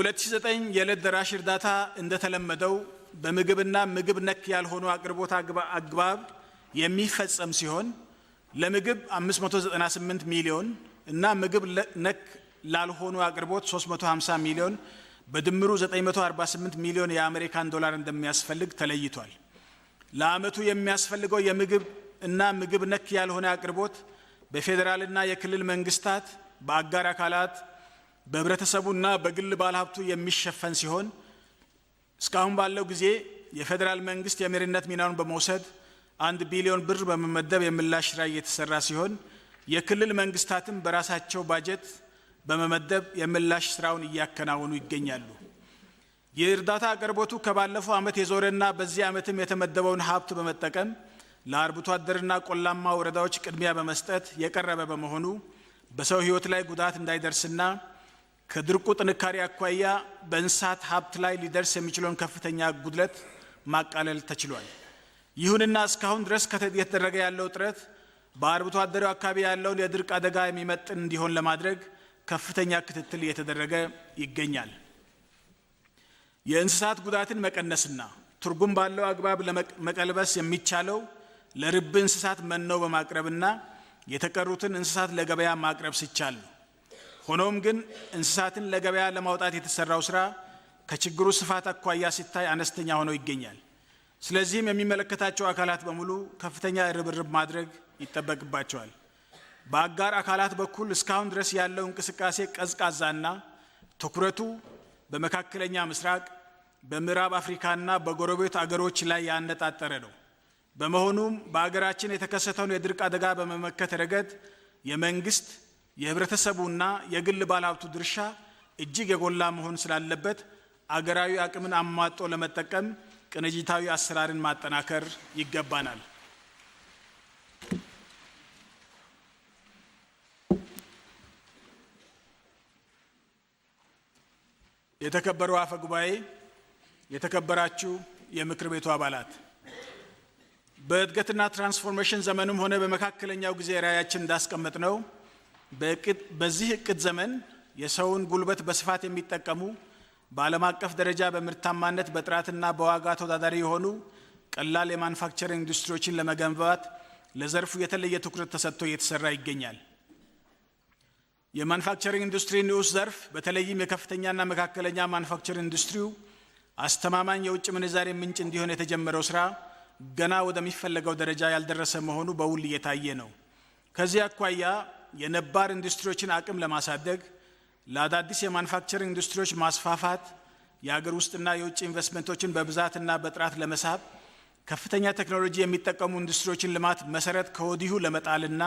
በ የዕለት ደራሽ እርዳታ እንደተለመደው በምግብና ምግብ ነክ ያልሆኑ አቅርቦት አግባብ የሚፈጸም ሲሆን ለምግብ 598 ሚሊዮን እና ምግብ ነክ ላልሆኑ አቅርቦት 350 ሚሊዮን በድምሩ 948 ሚሊዮን የአሜሪካን ዶላር እንደሚያስፈልግ ተለይቷል። ለአመቱ የሚያስፈልገው የምግብ እና ምግብ ነክ ያልሆነ አቅርቦት በፌዴራልና የክልል መንግስታት፣ በአጋር አካላት በህብረተሰቡና በግል ባለሀብቱ የሚሸፈን ሲሆን እስካሁን ባለው ጊዜ የፌዴራል መንግስት የመሪነት ሚናውን በመውሰድ አንድ ቢሊዮን ብር በመመደብ የምላሽ ስራ እየተሰራ ሲሆን የክልል መንግስታትም በራሳቸው ባጀት በመመደብ የምላሽ ስራውን እያከናወኑ ይገኛሉ። የእርዳታ አቅርቦቱ ከባለፈው ዓመት የዞረና በዚህ ዓመትም የተመደበውን ሀብት በመጠቀም ለአርብቶ አደርና ቆላማ ወረዳዎች ቅድሚያ በመስጠት የቀረበ በመሆኑ በሰው ህይወት ላይ ጉዳት እንዳይደርስና ከድርቁ ጥንካሬ አኳያ በእንስሳት ሀብት ላይ ሊደርስ የሚችለውን ከፍተኛ ጉድለት ማቃለል ተችሏል። ይሁንና እስካሁን ድረስ እየተደረገ ያለው ጥረት በአርብቶ አደሪው አካባቢ ያለውን የድርቅ አደጋ የሚመጥን እንዲሆን ለማድረግ ከፍተኛ ክትትል እየተደረገ ይገኛል። የእንስሳት ጉዳትን መቀነስና ትርጉም ባለው አግባብ ለመቀልበስ የሚቻለው ለርብ እንስሳት መኖ በማቅረብና የተቀሩትን እንስሳት ለገበያ ማቅረብ ሲቻል ነው። ሆኖም ግን እንስሳትን ለገበያ ለማውጣት የተሰራው ስራ ከችግሩ ስፋት አኳያ ሲታይ አነስተኛ ሆኖ ይገኛል። ስለዚህም የሚመለከታቸው አካላት በሙሉ ከፍተኛ ርብርብ ማድረግ ይጠበቅባቸዋል። በአጋር አካላት በኩል እስካሁን ድረስ ያለው እንቅስቃሴ ቀዝቃዛና ትኩረቱ በመካከለኛ ምስራቅ፣ በምዕራብ አፍሪካና በጎረቤት አገሮች ላይ ያነጣጠረ ነው። በመሆኑም በአገራችን የተከሰተውን የድርቅ አደጋ በመመከት ረገድ የመንግስት የህብረተሰቡና የግል ባለሀብቱ ድርሻ እጅግ የጎላ መሆን ስላለበት አገራዊ አቅምን አሟጦ ለመጠቀም ቅንጅታዊ አሰራርን ማጠናከር ይገባናል። የተከበሩ አፈ ጉባኤ፣ የተከበራችሁ የምክር ቤቱ አባላት፣ በእድገትና ትራንስፎርሜሽን ዘመንም ሆነ በመካከለኛው ጊዜ ራዕያችን እንዳስቀመጥ ነው በዚህ እቅድ ዘመን የሰውን ጉልበት በስፋት የሚጠቀሙ በዓለም አቀፍ ደረጃ በምርታማነት በጥራትና በዋጋ ተወዳዳሪ የሆኑ ቀላል የማኑፋክቸሪንግ ኢንዱስትሪዎችን ለመገንባት ለዘርፉ የተለየ ትኩረት ተሰጥቶ እየተሰራ ይገኛል። የማኑፋክቸሪንግ ኢንዱስትሪ ንዑስ ዘርፍ በተለይም የከፍተኛና መካከለኛ ማኑፋክቸሪንግ ኢንዱስትሪው አስተማማኝ የውጭ ምንዛሬ ምንጭ እንዲሆን የተጀመረው ስራ ገና ወደሚፈለገው ደረጃ ያልደረሰ መሆኑ በውል እየታየ ነው። ከዚህ አኳያ የነባር ኢንዱስትሪዎችን አቅም ለማሳደግ ለአዳዲስ የማኑፋክቸሪንግ ኢንዱስትሪዎች ማስፋፋት የአገር ውስጥና የውጭ ኢንቨስትመንቶችን በብዛትና በጥራት ለመሳብ ከፍተኛ ቴክኖሎጂ የሚጠቀሙ ኢንዱስትሪዎችን ልማት መሰረት ከወዲሁ ለመጣልና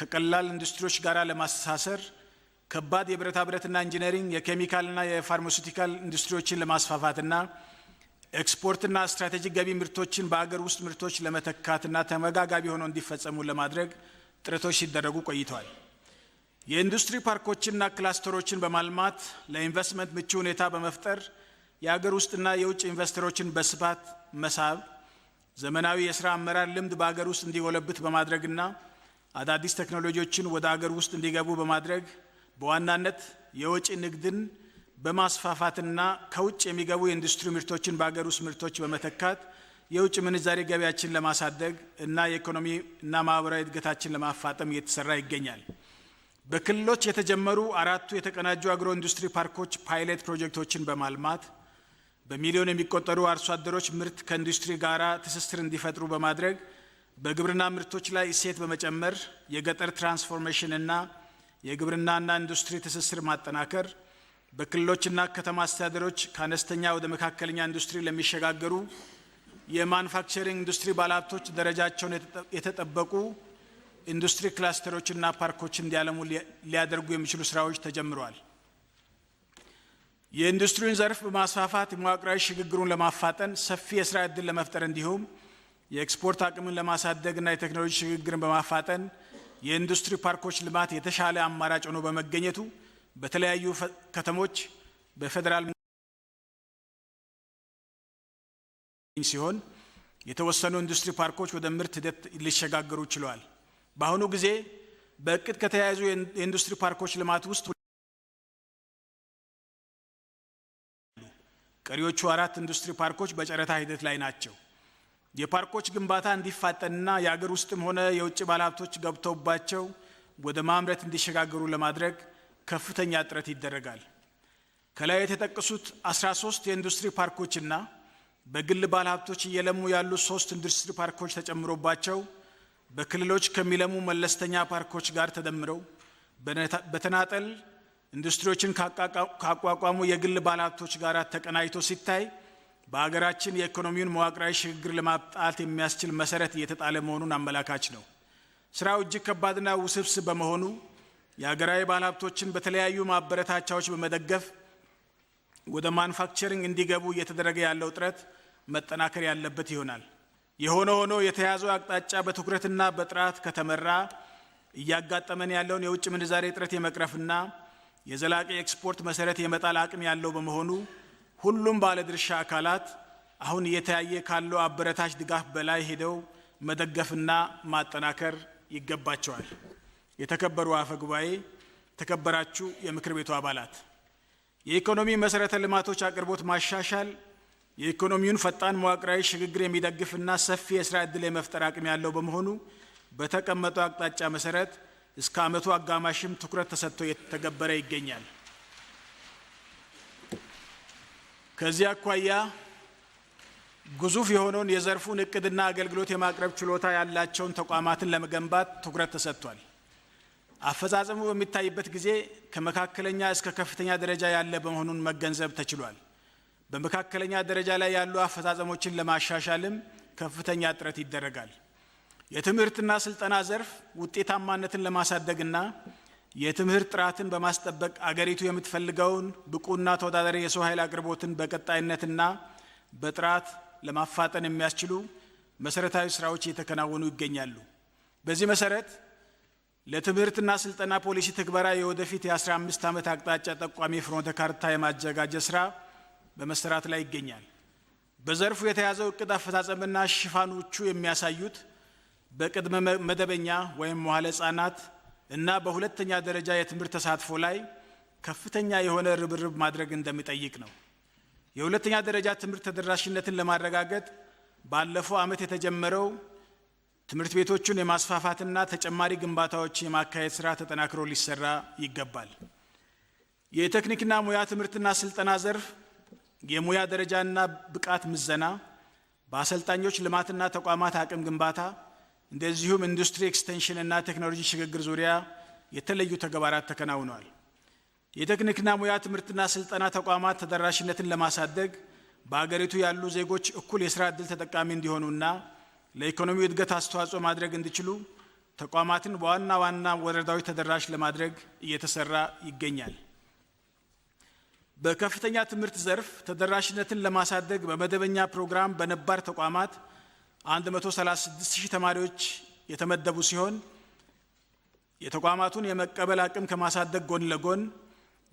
ከቀላል ኢንዱስትሪዎች ጋር ለማስተሳሰር ከባድ የብረታ ብረትና ኢንጂነሪንግ የኬሚካልና የፋርማሱቲካል ኢንዱስትሪዎችን ለማስፋፋትና ኤክስፖርትና ስትራቴጂክ ገቢ ምርቶችን በአገር ውስጥ ምርቶች ለመተካትና ተመጋጋቢ ሆነው እንዲፈጸሙ ለማድረግ ጥረቶች ሲደረጉ ቆይተዋል። የኢንዱስትሪ ፓርኮችና ክላስተሮችን በማልማት ለኢንቨስትመንት ምቹ ሁኔታ በመፍጠር የአገር ውስጥና የውጭ ኢንቨስተሮችን በስፋት መሳብ፣ ዘመናዊ የስራ አመራር ልምድ በአገር ውስጥ እንዲጎለብት በማድረግና አዳዲስ ቴክኖሎጂዎችን ወደ አገር ውስጥ እንዲገቡ በማድረግ በዋናነት የወጪ ንግድን በማስፋፋትና ከውጭ የሚገቡ የኢንዱስትሪ ምርቶችን በአገር ውስጥ ምርቶች በመተካት የውጭ ምንዛሬ ገበያችን ለማሳደግ እና የኢኮኖሚ እና ማህበራዊ እድገታችን ለማፋጠም እየተሰራ ይገኛል። በክልሎች የተጀመሩ አራቱ የተቀናጁ አግሮ ኢንዱስትሪ ፓርኮች ፓይለት ፕሮጀክቶችን በማልማት በሚሊዮን የሚቆጠሩ አርሶ አደሮች ምርት ከኢንዱስትሪ ጋር ትስስር እንዲፈጥሩ በማድረግ በግብርና ምርቶች ላይ እሴት በመጨመር የገጠር ትራንስፎርሜሽን እና የግብርናና ኢንዱስትሪ ትስስር ማጠናከር በክልሎችና ከተማ አስተዳደሮች ከአነስተኛ ወደ መካከለኛ ኢንዱስትሪ ለሚሸጋገሩ የማኑፋክቸሪንግ ኢንዱስትሪ ባለሀብቶች ደረጃቸውን የተጠበቁ ኢንዱስትሪ ክላስተሮችና ፓርኮች እንዲያለሙ ሊያደርጉ የሚችሉ ስራዎች ተጀምረዋል። የኢንዱስትሪውን ዘርፍ በማስፋፋት የመዋቅራዊ ሽግግሩን ለማፋጠን ሰፊ የስራ ዕድል ለመፍጠር እንዲሁም የኤክስፖርት አቅምን ለማሳደግና የቴክኖሎጂ ሽግግርን በማፋጠን የኢንዱስትሪ ፓርኮች ልማት የተሻለ አማራጭ ሆኖ በመገኘቱ በተለያዩ ከተሞች በፌዴራል ሲሆን የተወሰኑ ኢንዱስትሪ ፓርኮች ወደ ምርት ሂደት ሊሸጋገሩ ችለዋል። በአሁኑ ጊዜ በእቅድ ከተያያዙ የኢንዱስትሪ ፓርኮች ልማት ውስጥ ቀሪዎቹ አራት ኢንዱስትሪ ፓርኮች በጨረታ ሂደት ላይ ናቸው። የፓርኮች ግንባታ እንዲፋጠንና የአገር ውስጥም ሆነ የውጭ ባለሀብቶች ገብተውባቸው ወደ ማምረት እንዲሸጋገሩ ለማድረግ ከፍተኛ ጥረት ይደረጋል። ከላይ የተጠቀሱት 13 የኢንዱስትሪ ፓርኮችና በግል ባለሀብቶች እየለሙ ያሉ ሶስት ኢንዱስትሪ ፓርኮች ተጨምሮባቸው በክልሎች ከሚለሙ መለስተኛ ፓርኮች ጋር ተደምረው በተናጠል ኢንዱስትሪዎችን ካቋቋሙ የግል ባለሀብቶች ጋር ተቀናጅቶ ሲታይ በሀገራችን የኢኮኖሚውን መዋቅራዊ ሽግግር ለማምጣት የሚያስችል መሰረት እየተጣለ መሆኑን አመላካች ነው። ስራው እጅግ ከባድና ውስብስብ በመሆኑ የሀገራዊ ባለሀብቶችን በተለያዩ ማበረታቻዎች በመደገፍ ወደ ማኑፋክቸሪንግ እንዲገቡ እየተደረገ ያለው ጥረት መጠናከር ያለበት ይሆናል። የሆነ ሆኖ የተያዘው አቅጣጫ በትኩረትና በጥራት ከተመራ እያጋጠመን ያለውን የውጭ ምንዛሬ እጥረት የመቅረፍና የዘላቂ ኤክስፖርት መሰረት የመጣል አቅም ያለው በመሆኑ ሁሉም ባለድርሻ አካላት አሁን እየተያየ ካለው አበረታች ድጋፍ በላይ ሄደው መደገፍና ማጠናከር ይገባቸዋል። የተከበሩ አፈ ጉባኤ፣ የተከበራችሁ የምክር ቤቱ አባላት፣ የኢኮኖሚ መሰረተ ልማቶች አቅርቦት ማሻሻል የኢኮኖሚውን ፈጣን መዋቅራዊ ሽግግር የሚደግፍና ሰፊ የስራ ዕድል የመፍጠር አቅም ያለው በመሆኑ በተቀመጠው አቅጣጫ መሰረት እስከ ዓመቱ አጋማሽም ትኩረት ተሰጥቶ እየተገበረ ይገኛል። ከዚህ አኳያ ግዙፍ የሆነውን የዘርፉን እቅድና አገልግሎት የማቅረብ ችሎታ ያላቸውን ተቋማትን ለመገንባት ትኩረት ተሰጥቷል። አፈጻጸሙ በሚታይበት ጊዜ ከመካከለኛ እስከ ከፍተኛ ደረጃ ያለ በመሆኑን መገንዘብ ተችሏል። በመካከለኛ ደረጃ ላይ ያሉ አፈጻጸሞችን ለማሻሻልም ከፍተኛ ጥረት ይደረጋል። የትምህርትና ስልጠና ዘርፍ ውጤታማነትን ለማሳደግና የትምህርት ጥራትን በማስጠበቅ አገሪቱ የምትፈልገውን ብቁና ተወዳዳሪ የሰው ኃይል አቅርቦትን በቀጣይነትና በጥራት ለማፋጠን የሚያስችሉ መሰረታዊ ስራዎች እየተከናወኑ ይገኛሉ። በዚህ መሰረት ለትምህርትና ስልጠና ፖሊሲ ትግበራ የወደፊት የ15 ዓመት አቅጣጫ ጠቋሚ ፍኖተ ካርታ የማዘጋጀት ስራ በመሰራት ላይ ይገኛል። በዘርፉ የተያዘው እቅድ አፈጻጸምና ሽፋኖቹ የሚያሳዩት በቅድመ መደበኛ ወይም መዋለ ህጻናት እና በሁለተኛ ደረጃ የትምህርት ተሳትፎ ላይ ከፍተኛ የሆነ ርብርብ ማድረግ እንደሚጠይቅ ነው። የሁለተኛ ደረጃ ትምህርት ተደራሽነትን ለማረጋገጥ ባለፈው ዓመት የተጀመረው ትምህርት ቤቶቹን የማስፋፋትና ተጨማሪ ግንባታዎች የማካሄድ ስራ ተጠናክሮ ሊሰራ ይገባል። የቴክኒክና ሙያ ትምህርትና ስልጠና ዘርፍ የሙያ ደረጃና ብቃት ምዘና፣ በአሰልጣኞች ልማትና ተቋማት አቅም ግንባታ እንደዚሁም ኢንዱስትሪ ኤክስቴንሽንና ቴክኖሎጂ ሽግግር ዙሪያ የተለዩ ተግባራት ተከናውነዋል። የቴክኒክና ሙያ ትምህርትና ስልጠና ተቋማት ተደራሽነትን ለማሳደግ በአገሪቱ ያሉ ዜጎች እኩል የስራ ዕድል ተጠቃሚ እንዲሆኑና ለኢኮኖሚው እድገት አስተዋጽኦ ማድረግ እንዲችሉ ተቋማትን በዋና ዋና ወረዳዎች ተደራሽ ለማድረግ እየተሰራ ይገኛል። በከፍተኛ ትምህርት ዘርፍ ተደራሽነትን ለማሳደግ በመደበኛ ፕሮግራም በነባር ተቋማት 136000 ተማሪዎች የተመደቡ ሲሆን የተቋማቱን የመቀበል አቅም ከማሳደግ ጎን ለጎን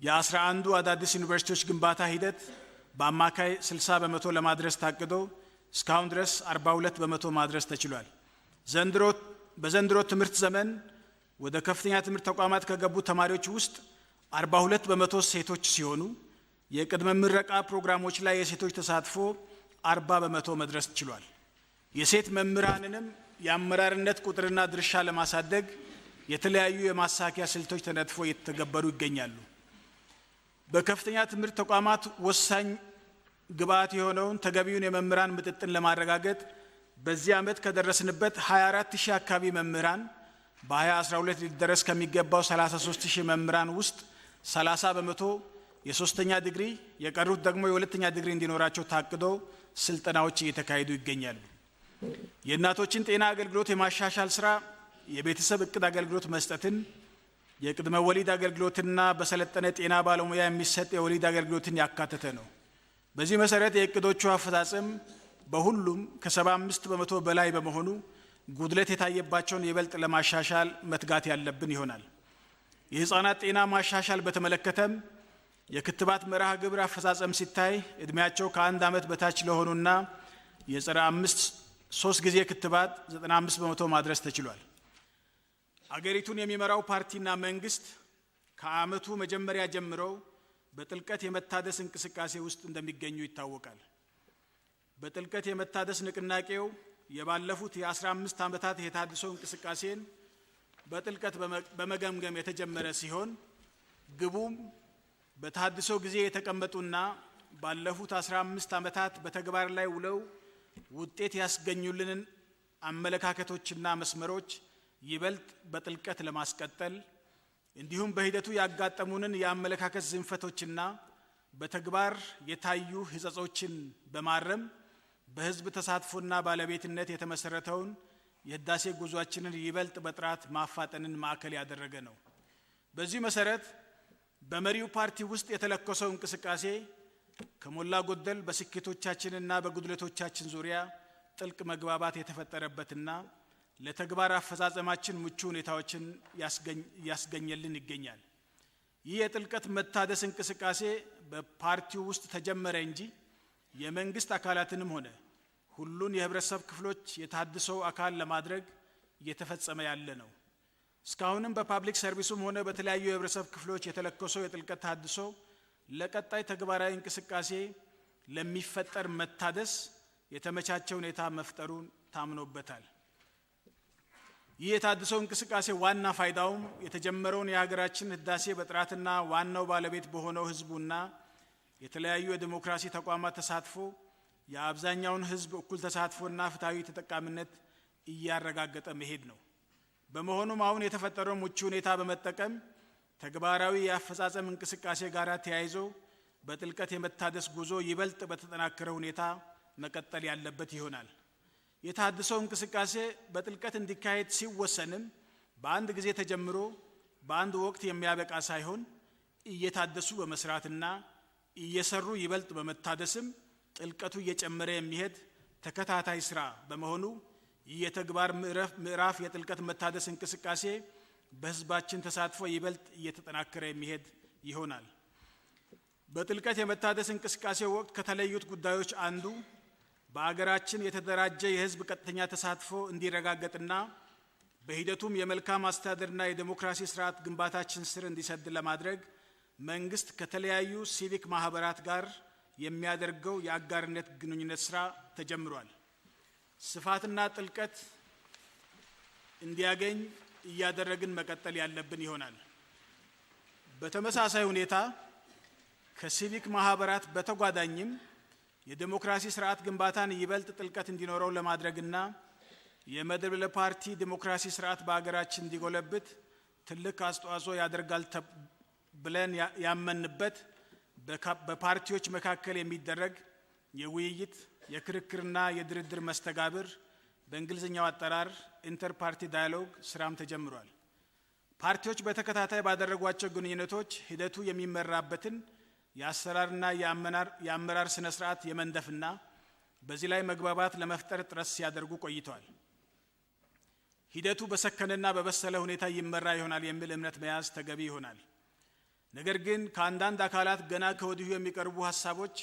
የአስራ አንዱ አዳዲስ ዩኒቨርሲቲዎች ግንባታ ሂደት በአማካይ 60 በመቶ ለማድረስ ታቅዶ እስካሁን ድረስ 42 በመቶ ማድረስ ተችሏል። ዘንድሮ በዘንድሮ ትምህርት ዘመን ወደ ከፍተኛ ትምህርት ተቋማት ከገቡ ተማሪዎች ውስጥ 42 በመቶ ሴቶች ሲሆኑ የቅድመ ምረቃ ፕሮግራሞች ላይ የሴቶች ተሳትፎ አርባ በመቶ መድረስ ችሏል። የሴት መምህራንንም የአመራርነት ቁጥርና ድርሻ ለማሳደግ የተለያዩ የማሳኪያ ስልቶች ተነጥፎ እየተገበሩ ይገኛሉ። በከፍተኛ ትምህርት ተቋማት ወሳኝ ግብዓት የሆነውን ተገቢውን የመምህራን ምጥጥን ለማረጋገጥ በዚህ ዓመት ከደረስንበት 24 ሺህ አካባቢ መምህራን በ2012 ሊደረስ ከሚገባው 33 ሺህ መምህራን ውስጥ 30 በመቶ የሶስተኛ ዲግሪ የቀሩት ደግሞ የሁለተኛ ዲግሪ እንዲኖራቸው ታቅደው ስልጠናዎች እየተካሄዱ ይገኛሉ። የእናቶችን ጤና አገልግሎት የማሻሻል ስራ፣ የቤተሰብ እቅድ አገልግሎት መስጠትን፣ የቅድመ ወሊድ አገልግሎትና በሰለጠነ ጤና ባለሙያ የሚሰጥ የወሊድ አገልግሎትን ያካተተ ነው። በዚህ መሰረት የእቅዶቹ አፈጻጸም በሁሉም ከ75 በመቶ በላይ በመሆኑ ጉድለት የታየባቸውን ይበልጥ ለማሻሻል መትጋት ያለብን ይሆናል። የህፃናት ጤና ማሻሻል በተመለከተም የክትባት መርሃ ግብር አፈጻጸም ሲታይ እድሜያቸው ከአንድ ዓመት በታች ለሆኑና የጸረ አምስት ሶስት ጊዜ ክትባት 95 በመቶ ማድረስ ተችሏል። አገሪቱን የሚመራው ፓርቲና መንግስት ከዓመቱ መጀመሪያ ጀምሮ በጥልቀት የመታደስ እንቅስቃሴ ውስጥ እንደሚገኙ ይታወቃል። በጥልቀት የመታደስ ንቅናቄው የባለፉት የ15 ዓመታት የታድሶ እንቅስቃሴን በጥልቀት በመገምገም የተጀመረ ሲሆን ግቡም በታድሶ ጊዜ የተቀመጡና ባለፉት 15 ዓመታት በተግባር ላይ ውለው ውጤት ያስገኙልንን አመለካከቶችና መስመሮች ይበልጥ በጥልቀት ለማስቀጠል እንዲሁም በሂደቱ ያጋጠሙንን የአመለካከት ዝንፈቶችና በተግባር የታዩ ህጸጾችን በማረም በህዝብ ተሳትፎና ባለቤትነት የተመሰረተውን የህዳሴ ጉዟችንን ይበልጥ በጥራት ማፋጠንን ማዕከል ያደረገ ነው። በዚህ መሰረት በመሪው ፓርቲ ውስጥ የተለኮሰው እንቅስቃሴ ከሞላ ጎደል በስኬቶቻችንና በጉድለቶቻችን ዙሪያ ጥልቅ መግባባት የተፈጠረበትና ለተግባር አፈጻጸማችን ምቹ ሁኔታዎችን ያስገኘልን ይገኛል። ይህ የጥልቀት መታደስ እንቅስቃሴ በፓርቲው ውስጥ ተጀመረ እንጂ የመንግስት አካላትንም ሆነ ሁሉን የህብረተሰብ ክፍሎች የታድሰው አካል ለማድረግ እየተፈጸመ ያለ ነው። እስካሁንም በፓብሊክ ሰርቪሱም ሆነ በተለያዩ የህብረተሰብ ክፍሎች የተለኮሰው የጥልቀት ተሃድሶ ለቀጣይ ተግባራዊ እንቅስቃሴ ለሚፈጠር መታደስ የተመቻቸ ሁኔታ መፍጠሩን ታምኖበታል። ይህ የታድሶ እንቅስቃሴ ዋና ፋይዳውም የተጀመረውን የሀገራችን ህዳሴ በጥራትና ዋናው ባለቤት በሆነው ህዝቡና የተለያዩ የዲሞክራሲ ተቋማት ተሳትፎ የአብዛኛውን ህዝብ እኩል ተሳትፎና ፍትሐዊ ተጠቃሚነት እያረጋገጠ መሄድ ነው። በመሆኑም አሁን የተፈጠረው ምቹ ሁኔታ በመጠቀም ተግባራዊ የአፈጻጸም እንቅስቃሴ ጋር ተያይዞ በጥልቀት የመታደስ ጉዞ ይበልጥ በተጠናከረ ሁኔታ መቀጠል ያለበት ይሆናል። የታድሰው እንቅስቃሴ በጥልቀት እንዲካሄድ ሲወሰንም በአንድ ጊዜ ተጀምሮ በአንድ ወቅት የሚያበቃ ሳይሆን እየታደሱ በመስራትና እየሰሩ ይበልጥ በመታደስም ጥልቀቱ እየጨመረ የሚሄድ ተከታታይ ስራ በመሆኑ ይህ የተግባር ምዕራፍ የጥልቀት መታደስ እንቅስቃሴ በህዝባችን ተሳትፎ ይበልጥ እየተጠናከረ የሚሄድ ይሆናል። በጥልቀት የመታደስ እንቅስቃሴ ወቅት ከተለዩት ጉዳዮች አንዱ በአገራችን የተደራጀ የህዝብ ቀጥተኛ ተሳትፎ እንዲረጋገጥና በሂደቱም የመልካም አስተዳደርና የዴሞክራሲ ስርዓት ግንባታችን ስር እንዲሰድ ለማድረግ መንግስት ከተለያዩ ሲቪክ ማህበራት ጋር የሚያደርገው የአጋርነት ግንኙነት ስራ ተጀምሯል። ስፋትና ጥልቀት እንዲያገኝ እያደረግን መቀጠል ያለብን ይሆናል። በተመሳሳይ ሁኔታ ከሲቪክ ማህበራት በተጓዳኝም የዴሞክራሲ ስርዓት ግንባታን ይበልጥ ጥልቀት እንዲኖረው ለማድረግና የመድብለ ፓርቲ ዴሞክራሲ ስርዓት በሀገራችን እንዲጎለብት ትልቅ አስተዋጽኦ ያደርጋል ብለን ያመንበት በፓርቲዎች መካከል የሚደረግ የውይይት የክርክርና የድርድር መስተጋብር በእንግሊዝኛው አጠራር ኢንተር ፓርቲ ዳያሎግ ስራም ተጀምሯል። ፓርቲዎች በተከታታይ ባደረጓቸው ግንኙነቶች ሂደቱ የሚመራበትን የአሰራርና የአመራር ስነ ስርዓት የመንደፍና በዚህ ላይ መግባባት ለመፍጠር ጥረት ሲያደርጉ ቆይተዋል። ሂደቱ በሰከነና በበሰለ ሁኔታ ይመራ ይሆናል የሚል እምነት መያዝ ተገቢ ይሆናል። ነገር ግን ከአንዳንድ አካላት ገና ከወዲሁ የሚቀርቡ ሀሳቦች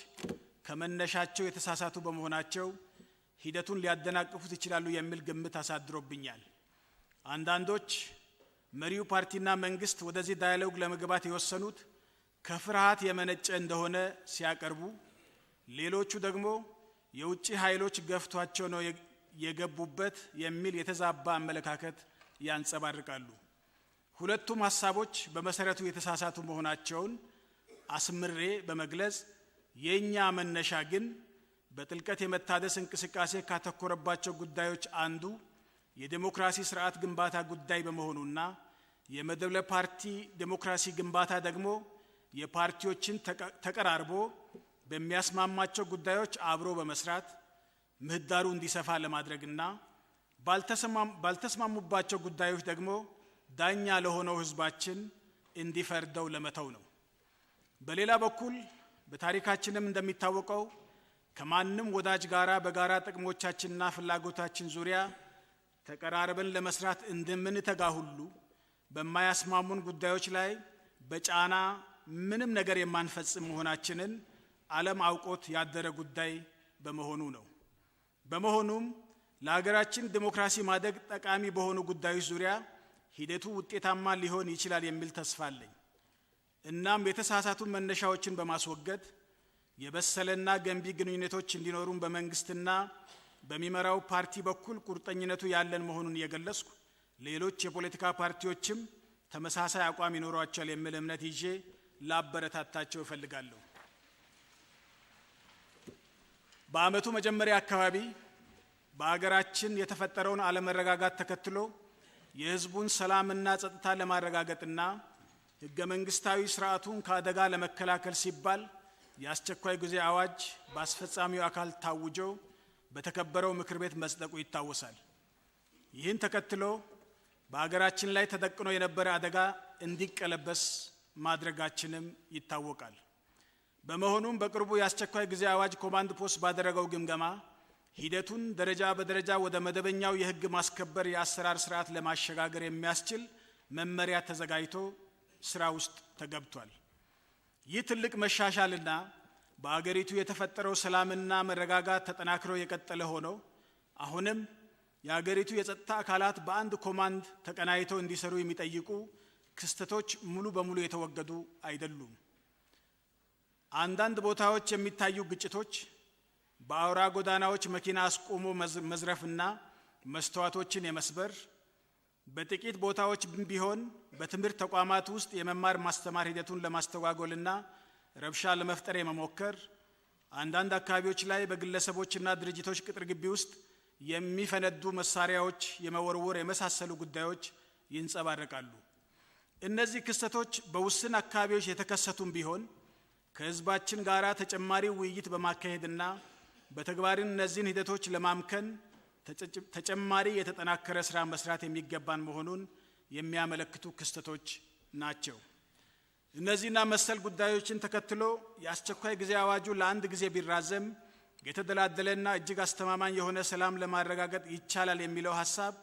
ከመነሻቸው የተሳሳቱ በመሆናቸው ሂደቱን ሊያደናቅፉት ይችላሉ የሚል ግምት አሳድሮብኛል። አንዳንዶች መሪው ፓርቲና መንግስት ወደዚህ ዳያሎግ ለመግባት የወሰኑት ከፍርሃት የመነጨ እንደሆነ ሲያቀርቡ፣ ሌሎቹ ደግሞ የውጭ ኃይሎች ገፍቷቸው ነው የገቡበት የሚል የተዛባ አመለካከት ያንጸባርቃሉ። ሁለቱም ሀሳቦች በመሰረቱ የተሳሳቱ መሆናቸውን አስምሬ በመግለጽ የእኛ መነሻ ግን በጥልቀት የመታደስ እንቅስቃሴ ካተኮረባቸው ጉዳዮች አንዱ የዴሞክራሲ ስርዓት ግንባታ ጉዳይ በመሆኑና የመደብለ ፓርቲ ዴሞክራሲ ግንባታ ደግሞ የፓርቲዎችን ተቀራርቦ በሚያስማማቸው ጉዳዮች አብሮ በመስራት ምህዳሩ እንዲሰፋ ለማድረግና ባልተስማሙባቸው ጉዳዮች ደግሞ ዳኛ ለሆነው ህዝባችን እንዲፈርደው ለመተው ነው። በሌላ በኩል በታሪካችንም እንደሚታወቀው ከማንም ወዳጅ ጋራ በጋራ ጥቅሞቻችንና ፍላጎታችን ዙሪያ ተቀራርበን ለመስራት እንደምንተጋ ሁሉ በማያስማሙን ጉዳዮች ላይ በጫና ምንም ነገር የማንፈጽም መሆናችንን ዓለም አውቆት ያደረ ጉዳይ በመሆኑ ነው። በመሆኑም ለሀገራችን ዲሞክራሲ ማደግ ጠቃሚ በሆኑ ጉዳዮች ዙሪያ ሂደቱ ውጤታማ ሊሆን ይችላል የሚል ተስፋ አለኝ። እናም የተሳሳቱ መነሻዎችን በማስወገድ የበሰለና ገንቢ ግንኙነቶች እንዲኖሩን በመንግስትና በሚመራው ፓርቲ በኩል ቁርጠኝነቱ ያለን መሆኑን እየገለጽኩ ሌሎች የፖለቲካ ፓርቲዎችም ተመሳሳይ አቋም ይኖሯቸዋል የሚል እምነት ይዤ ላበረታታቸው እፈልጋለሁ። በዓመቱ መጀመሪያ አካባቢ በሀገራችን የተፈጠረውን አለመረጋጋት ተከትሎ የሕዝቡን ሰላምና ጸጥታ ለማረጋገጥና ህገ መንግስታዊ ስርዓቱን ከአደጋ ለመከላከል ሲባል የአስቸኳይ ጊዜ አዋጅ በአስፈጻሚው አካል ታውጆ በተከበረው ምክር ቤት መጽደቁ ይታወሳል። ይህን ተከትሎ በሀገራችን ላይ ተደቅኖ የነበረ አደጋ እንዲቀለበስ ማድረጋችንም ይታወቃል። በመሆኑም በቅርቡ የአስቸኳይ ጊዜ አዋጅ ኮማንድ ፖስት ባደረገው ግምገማ ሂደቱን ደረጃ በደረጃ ወደ መደበኛው የህግ ማስከበር የአሰራር ስርዓት ለማሸጋገር የሚያስችል መመሪያ ተዘጋጅቶ ስራ ውስጥ ተገብቷል። ይህ ትልቅ መሻሻልና በአገሪቱ የተፈጠረው ሰላምና መረጋጋት ተጠናክሮ የቀጠለ ሆኖ አሁንም የአገሪቱ የጸጥታ አካላት በአንድ ኮማንድ ተቀናይተው እንዲሰሩ የሚጠይቁ ክስተቶች ሙሉ በሙሉ የተወገዱ አይደሉም። አንዳንድ ቦታዎች የሚታዩ ግጭቶች በአውራ ጎዳናዎች መኪና አስቆሞ መዝረፍና መስተዋቶችን የመስበር በጥቂት ቦታዎች ቢሆን በትምህርት ተቋማት ውስጥ የመማር ማስተማር ሂደቱን ለማስተጓጎልና ረብሻ ለመፍጠር የመሞከር አንዳንድ አካባቢዎች ላይ በግለሰቦችና ድርጅቶች ቅጥር ግቢ ውስጥ የሚፈነዱ መሳሪያዎች የመወርወር የመሳሰሉ ጉዳዮች ይንጸባረቃሉ። እነዚህ ክስተቶች በውስን አካባቢዎች የተከሰቱም ቢሆን ከህዝባችን ጋር ተጨማሪ ውይይት በማካሄድና በተግባርን እነዚህን ሂደቶች ለማምከን ተጨማሪ የተጠናከረ ስራ መስራት የሚገባን መሆኑን የሚያመለክቱ ክስተቶች ናቸው። እነዚህና መሰል ጉዳዮችን ተከትሎ የአስቸኳይ ጊዜ አዋጁ ለአንድ ጊዜ ቢራዘም የተደላደለና እጅግ አስተማማኝ የሆነ ሰላም ለማረጋገጥ ይቻላል የሚለው ሀሳብ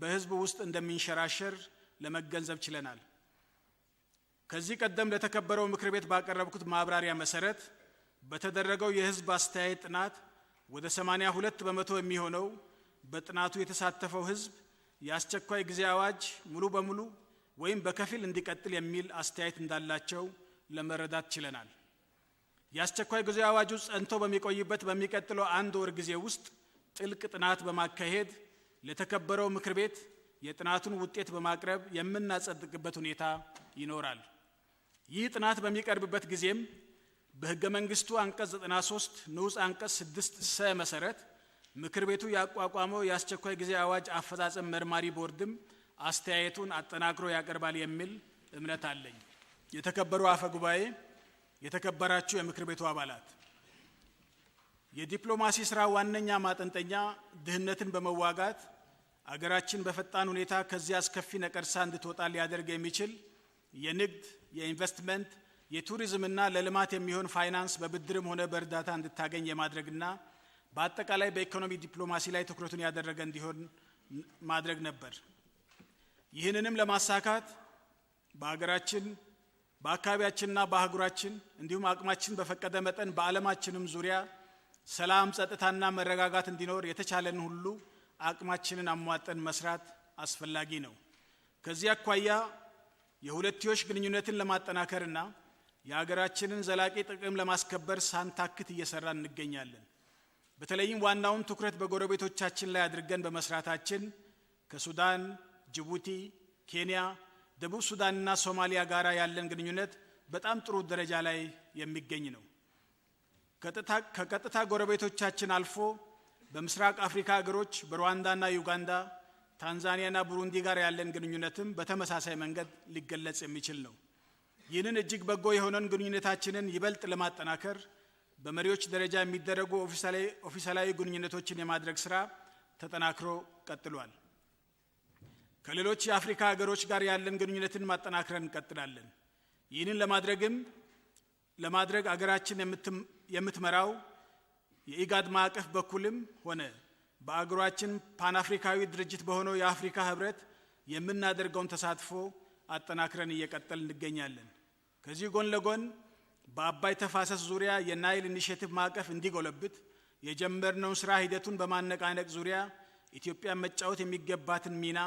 በህዝብ ውስጥ እንደሚንሸራሸር ለመገንዘብ ችለናል። ከዚህ ቀደም ለተከበረው ምክር ቤት ባቀረብኩት ማብራሪያ መሰረት በተደረገው የህዝብ አስተያየት ጥናት ወደ 82 በመቶ የሚሆነው በጥናቱ የተሳተፈው ህዝብ የአስቸኳይ ጊዜ አዋጅ ሙሉ በሙሉ ወይም በከፊል እንዲቀጥል የሚል አስተያየት እንዳላቸው ለመረዳት ችለናል። የአስቸኳይ ጊዜ አዋጁ ጸንቶ በሚቆይበት በሚቀጥለው አንድ ወር ጊዜ ውስጥ ጥልቅ ጥናት በማካሄድ ለተከበረው ምክር ቤት የጥናቱን ውጤት በማቅረብ የምናጸድቅበት ሁኔታ ይኖራል። ይህ ጥናት በሚቀርብበት ጊዜም በህገ መንግስቱ አንቀጽ 93 ንዑስ አንቀጽ 6 ሰ መሰረት ምክር ቤቱ ያቋቋመው የአስቸኳይ ጊዜ አዋጅ አፈጻጸም መርማሪ ቦርድም አስተያየቱን አጠናክሮ ያቀርባል የሚል እምነት አለኝ። የተከበሩ አፈ ጉባኤ፣ የተከበራችሁ የምክር ቤቱ አባላት፣ የዲፕሎማሲ ስራ ዋነኛ ማጠንጠኛ ድህነትን በመዋጋት አገራችን በፈጣን ሁኔታ ከዚህ አስከፊ ነቀርሳ እንድትወጣ ሊያደርግ የሚችል የንግድ፣ የኢንቨስትመንት፣ የቱሪዝምና ለልማት የሚሆን ፋይናንስ በብድርም ሆነ በእርዳታ እንድታገኝ የማድረግና በአጠቃላይ በኢኮኖሚ ዲፕሎማሲ ላይ ትኩረቱን ያደረገ እንዲሆን ማድረግ ነበር። ይህንንም ለማሳካት በሀገራችን በአካባቢያችንና በአህጉራችን እንዲሁም አቅማችን በፈቀደ መጠን በዓለማችንም ዙሪያ ሰላም፣ ጸጥታና መረጋጋት እንዲኖር የተቻለን ሁሉ አቅማችንን አሟጠን መስራት አስፈላጊ ነው። ከዚህ አኳያ የሁለትዮሽ ግንኙነትን ለማጠናከርና የሀገራችንን ዘላቂ ጥቅም ለማስከበር ሳንታክት እየሰራ እንገኛለን። በተለይም ዋናውን ትኩረት በጎረቤቶቻችን ላይ አድርገን በመስራታችን ከሱዳን፣ ጅቡቲ፣ ኬንያ፣ ደቡብ ሱዳንና ሶማሊያ ጋር ያለን ግንኙነት በጣም ጥሩ ደረጃ ላይ የሚገኝ ነው። ከቀጥታ ጎረቤቶቻችን አልፎ በምስራቅ አፍሪካ ሀገሮች በሩዋንዳና ዩጋንዳ፣ ታንዛኒያና ቡሩንዲ ጋር ያለን ግንኙነትም በተመሳሳይ መንገድ ሊገለጽ የሚችል ነው። ይህንን እጅግ በጎ የሆነን ግንኙነታችንን ይበልጥ ለማጠናከር በመሪዎች ደረጃ የሚደረጉ ኦፊሳላዊ ግንኙነቶችን የማድረግ ስራ ተጠናክሮ ቀጥሏል። ከሌሎች የአፍሪካ ሀገሮች ጋር ያለን ግንኙነትን ማጠናክረን እንቀጥላለን። ይህንን ለማድረግም ለማድረግ አገራችን የምትመራው የኢጋድ ማዕቀፍ በኩልም ሆነ በአገራችን ፓንአፍሪካዊ ድርጅት በሆነው የአፍሪካ ህብረት የምናደርገውን ተሳትፎ አጠናክረን እየቀጠል እንገኛለን። ከዚህ ጎን ለጎን በአባይ ተፋሰስ ዙሪያ የናይል ኢኒሽቲቭ ማዕቀፍ እንዲጎለብት የጀመርነውን ስራ ሂደቱን በማነቃነቅ ዙሪያ ኢትዮጵያ መጫወት የሚገባትን ሚና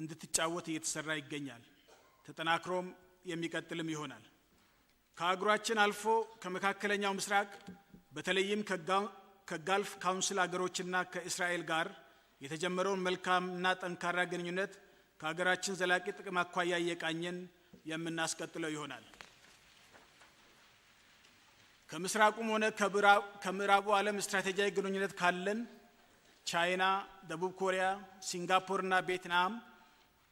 እንድትጫወት እየተሰራ ይገኛል። ተጠናክሮም የሚቀጥልም ይሆናል። ከአህጉራችን አልፎ ከመካከለኛው ምስራቅ በተለይም ከጋልፍ ካውንስል አገሮችና ከእስራኤል ጋር የተጀመረውን መልካምና ጠንካራ ግንኙነት ከሀገራችን ዘላቂ ጥቅም አኳያ እየቃኘን የምናስቀጥለው ይሆናል። ከምስራቁም ሆነ ከምዕራቡ ዓለም ስትራቴጂያዊ ግንኙነት ካለን ቻይና፣ ደቡብ ኮሪያ፣ ሲንጋፖር እና ቬትናም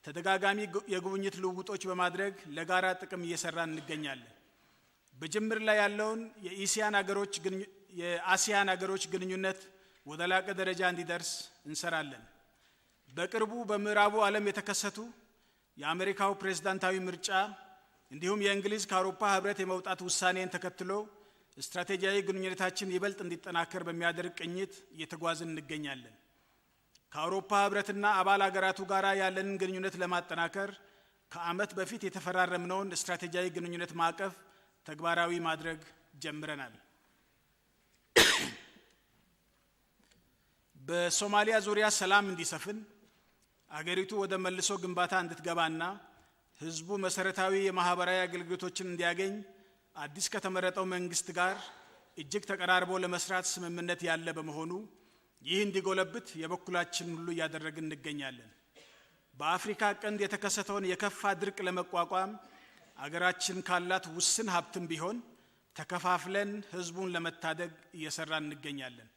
ተደጋጋሚ የጉብኝት ልውውጦች በማድረግ ለጋራ ጥቅም እየሰራ እንገኛለን። በጅምር ላይ ያለውን የአሲያን ሀገሮች ግንኙነት ወደ ላቀ ደረጃ እንዲደርስ እንሰራለን። በቅርቡ በምዕራቡ ዓለም የተከሰቱ የአሜሪካው ፕሬዝዳንታዊ ምርጫ እንዲሁም የእንግሊዝ ከአውሮፓ ህብረት የመውጣት ውሳኔን ተከትሎ ስትራቴጂያዊ ግንኙነታችን ይበልጥ እንዲጠናከር በሚያደርግ ቅኝት እየተጓዝን እንገኛለን። ከአውሮፓ ህብረትና አባል አገራቱ ጋር ያለንን ግንኙነት ለማጠናከር ከዓመት በፊት የተፈራረምነውን ስትራቴጂያዊ ግንኙነት ማዕቀፍ ተግባራዊ ማድረግ ጀምረናል። በሶማሊያ ዙሪያ ሰላም እንዲሰፍን አገሪቱ ወደ መልሶ ግንባታ እንድትገባና ህዝቡ መሰረታዊ የማህበራዊ አገልግሎቶችን እንዲያገኝ አዲስ ከተመረጠው መንግስት ጋር እጅግ ተቀራርቦ ለመስራት ስምምነት ያለ በመሆኑ ይህ እንዲጎለብት የበኩላችን ሁሉ እያደረግን እንገኛለን። በአፍሪካ ቀንድ የተከሰተውን የከፋ ድርቅ ለመቋቋም አገራችን ካላት ውስን ሀብትም ቢሆን ተከፋፍለን ህዝቡን ለመታደግ እየሰራን እንገኛለን።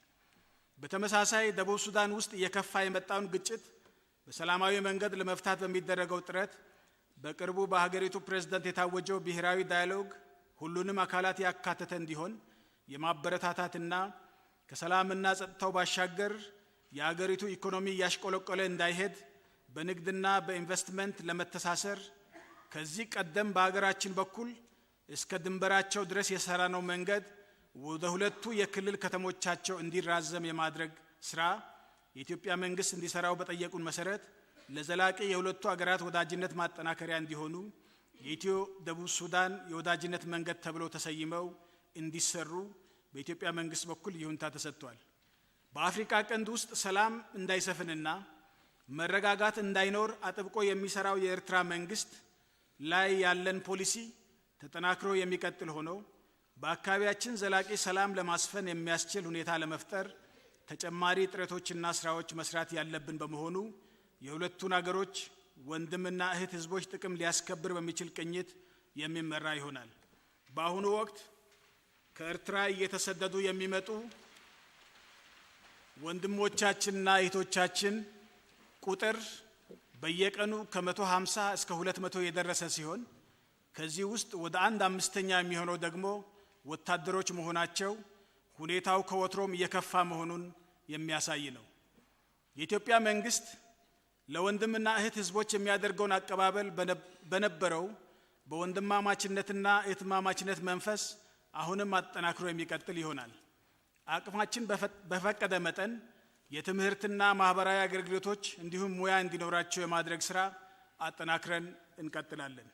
በተመሳሳይ ደቡብ ሱዳን ውስጥ እየከፋ የመጣውን ግጭት በሰላማዊ መንገድ ለመፍታት በሚደረገው ጥረት በቅርቡ በሀገሪቱ ፕሬዝደንት የታወጀው ብሔራዊ ዳያሎግ ሁሉንም አካላት ያካተተ እንዲሆን የማበረታታትና ከሰላምና ጸጥታው ባሻገር የአገሪቱ ኢኮኖሚ እያሽቆለቆለ እንዳይሄድ በንግድና በኢንቨስትመንት ለመተሳሰር ከዚህ ቀደም በሀገራችን በኩል እስከ ድንበራቸው ድረስ የሰራ ነው መንገድ ወደ ሁለቱ የክልል ከተሞቻቸው እንዲራዘም የማድረግ ስራ የኢትዮጵያ መንግስት እንዲሰራው በጠየቁን መሰረት ለዘላቂ የሁለቱ አገራት ወዳጅነት ማጠናከሪያ እንዲሆኑ የኢትዮ ደቡብ ሱዳን የወዳጅነት መንገድ ተብለው ተሰይመው እንዲሰሩ በኢትዮጵያ መንግስት በኩል ይሁንታ ተሰጥቷል። በአፍሪካ ቀንድ ውስጥ ሰላም እንዳይሰፍንና መረጋጋት እንዳይኖር አጥብቆ የሚሰራው የኤርትራ መንግስት ላይ ያለን ፖሊሲ ተጠናክሮ የሚቀጥል ሆኖ በአካባቢያችን ዘላቂ ሰላም ለማስፈን የሚያስችል ሁኔታ ለመፍጠር ተጨማሪ ጥረቶችና ስራዎች መስራት ያለብን በመሆኑ የሁለቱን አገሮች ወንድምና እህት ህዝቦች ጥቅም ሊያስከብር በሚችል ቅኝት የሚመራ ይሆናል። በአሁኑ ወቅት ከኤርትራ እየተሰደዱ የሚመጡ ወንድሞቻችንና እህቶቻችን ቁጥር በየቀኑ ከ150 እስከ 200 የደረሰ ሲሆን ከዚህ ውስጥ ወደ አንድ አምስተኛ የሚሆነው ደግሞ ወታደሮች መሆናቸው ሁኔታው ከወትሮም እየከፋ መሆኑን የሚያሳይ ነው። የኢትዮጵያ መንግስት ለወንድምና እህት ህዝቦች የሚያደርገውን አቀባበል በነበረው በወንድማማችነትና እህትማማችነት መንፈስ አሁንም አጠናክሮ የሚቀጥል ይሆናል። አቅማችን በፈቀደ መጠን የትምህርትና ማህበራዊ አገልግሎቶች እንዲሁም ሙያ እንዲኖራቸው የማድረግ ስራ አጠናክረን እንቀጥላለን።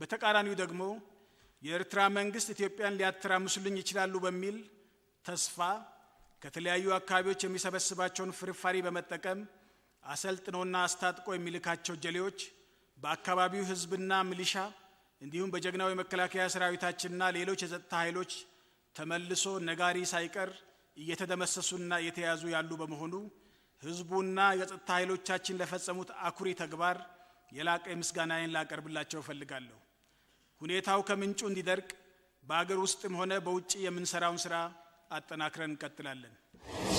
በተቃራኒው ደግሞ የኤርትራ መንግስት ኢትዮጵያን ሊያተራምሱልኝ ይችላሉ በሚል ተስፋ ከተለያዩ አካባቢዎች የሚሰበስባቸውን ፍርፋሪ በመጠቀም አሰልጥኖና አስታጥቆ የሚልካቸው ጀሌዎች በአካባቢው ህዝብና ሚሊሻ እንዲሁም በጀግናው የመከላከያ ሰራዊታችንና ሌሎች የጸጥታ ኃይሎች ተመልሶ ነጋሪ ሳይቀር እየተደመሰሱና እየተያዙ ያሉ በመሆኑ ህዝቡና የጸጥታ ኃይሎቻችን ለፈጸሙት አኩሪ ተግባር የላቀ ምስጋናዬን ላቀርብላቸው እፈልጋለሁ። ሁኔታው ከምንጩ እንዲደርቅ በአገር ውስጥም ሆነ በውጭ የምንሰራውን ስራ አጠናክረን እንቀጥላለን።